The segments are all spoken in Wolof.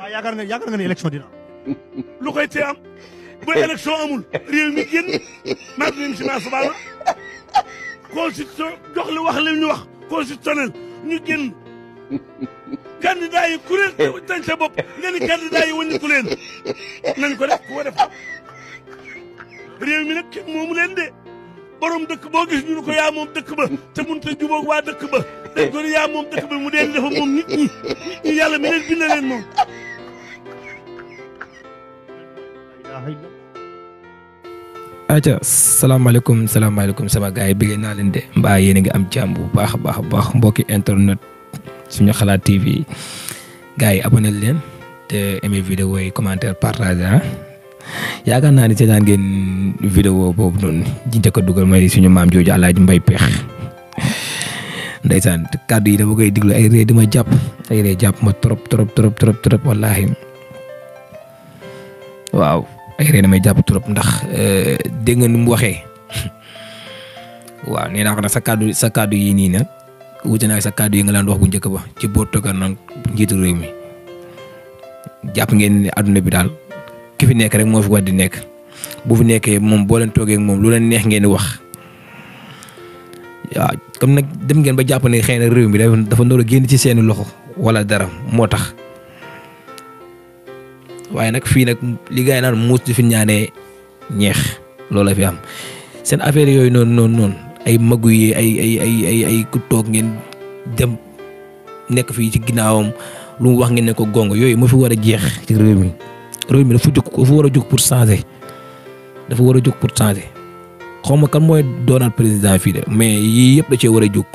waa yaakaar nga yaakaar nga ne élection dina am lu koy tee am booy élection amul réew mi génn maag lim si naa subaana constitution jox li wax li ñu wax constitutionnel ñu génn candidat yi kuréel tañ sa nga ni candidat yi wàññiku leen nañ ko def ko def réew mi nag kenn moomu leen de borom dëkk boo gis ñu ko yaa moom dëkk ba te mun te waa dëkk ba dañ ko yaa moom dëkk ba mu deen dafa moom nit ñi nit yàlla mi leen bind moom aca salaamaaleykum salaamaaleykum sama gars yi bëggee naa leen de mbaa yéen a ngi am jàmm bu baax a baax a baax mbokki internet suñu xalaat TV gars yi abonné leen te aimé vidéo yi commentaire partagé ah yaakaar naa ni seetaan ngeen vidéo boobu noonu ji njëkk dugal may suñu maam jooju Alaaji Mbay Peex ndeysaan kàddu yi dama koy diglu ay ree di ma jàpp ay jàpp ma trop trop trop trop trop wallaahi waaw ay ree damay jàpp trop ndax euh, dégg nga nu mu waxee waaw nee naa nag sa kàddu sa kàddu yi nii nag wute naa sa kàddu yi nga daan wax bu njëkk ba ci boo toogal naan njiitu réew mi jàpp ngeen ne adduna bi daal ki fi nekk rek moo fi war di nekk bu fi nekkee moom boo leen toogee moom lu leen neex ngeen wax waaw comme nag dem ngeen ba jàpp ne xëy na réew mi dafa dafa noor a génn ci seeni loxo wala dara moo tax. waaye nag fii nag li gars yi naan muus di fi ñaanee ñeex loola fi am seen affaire yooyu noonu noonu noonu ay magu yi ay ay ay ay ay ku toog ngeen dem nekk fii ci ginnaawam lu wax ngeen ne ko gong yooyu moo fi war a jeex ci réew mi réew mi dafa jóg dafa war a jóg pour changer dafa war a jóg pour changer xaw ma kan mooy doonal président fii de mais yii yëpp da cee war a jóg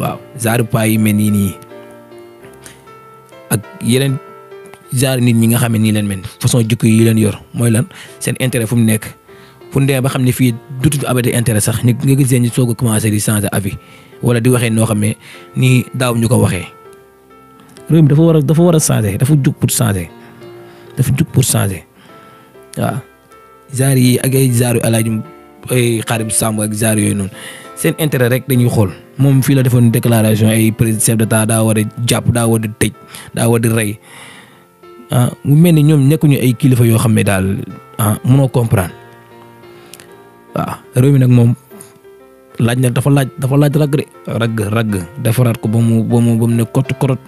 waaw genre yi me nii nii ak yeneen. genre nit ñi nga xam ne nii leen mel façon jikko yi leen yor mooy lan seen intérêt fu mu nekk fu mu demee xam ne fii dutul abati intérêt sax ñu nga gisee ñu soog a commencé di changer avis wala di waxee noo xam ne nii daaw ko waxee. dafa war a dafa war a changer dafa jug pour changer dafa jug pour changer yi ak ay genre yu alaaj ay xarim Samb ak genre yooyu noonu seen intérêt rek dañuy xool moom fii la defoon déclaration ay président chef d'état daa war a jàpp daa war a tëj daa war a rey. ah mu mel ni ñoom nekkuñu ay kilifa yoo xam ne daal ah mënoo comprendre waaw ah, réew mi nag moom laaj na dafa laaj dafa laaj rag de rag defaraat ko ba mu ba mu ba mu ne kott korot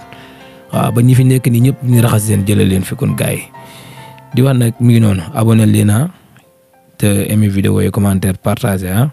waaw ah, ba ñi fi nekk nii ñëpp ñu raxas leen jëlee leen fi kon gars yi di wax nag mi noonu abonné lii naa ah, te aimé vidéo yi commentaire partagé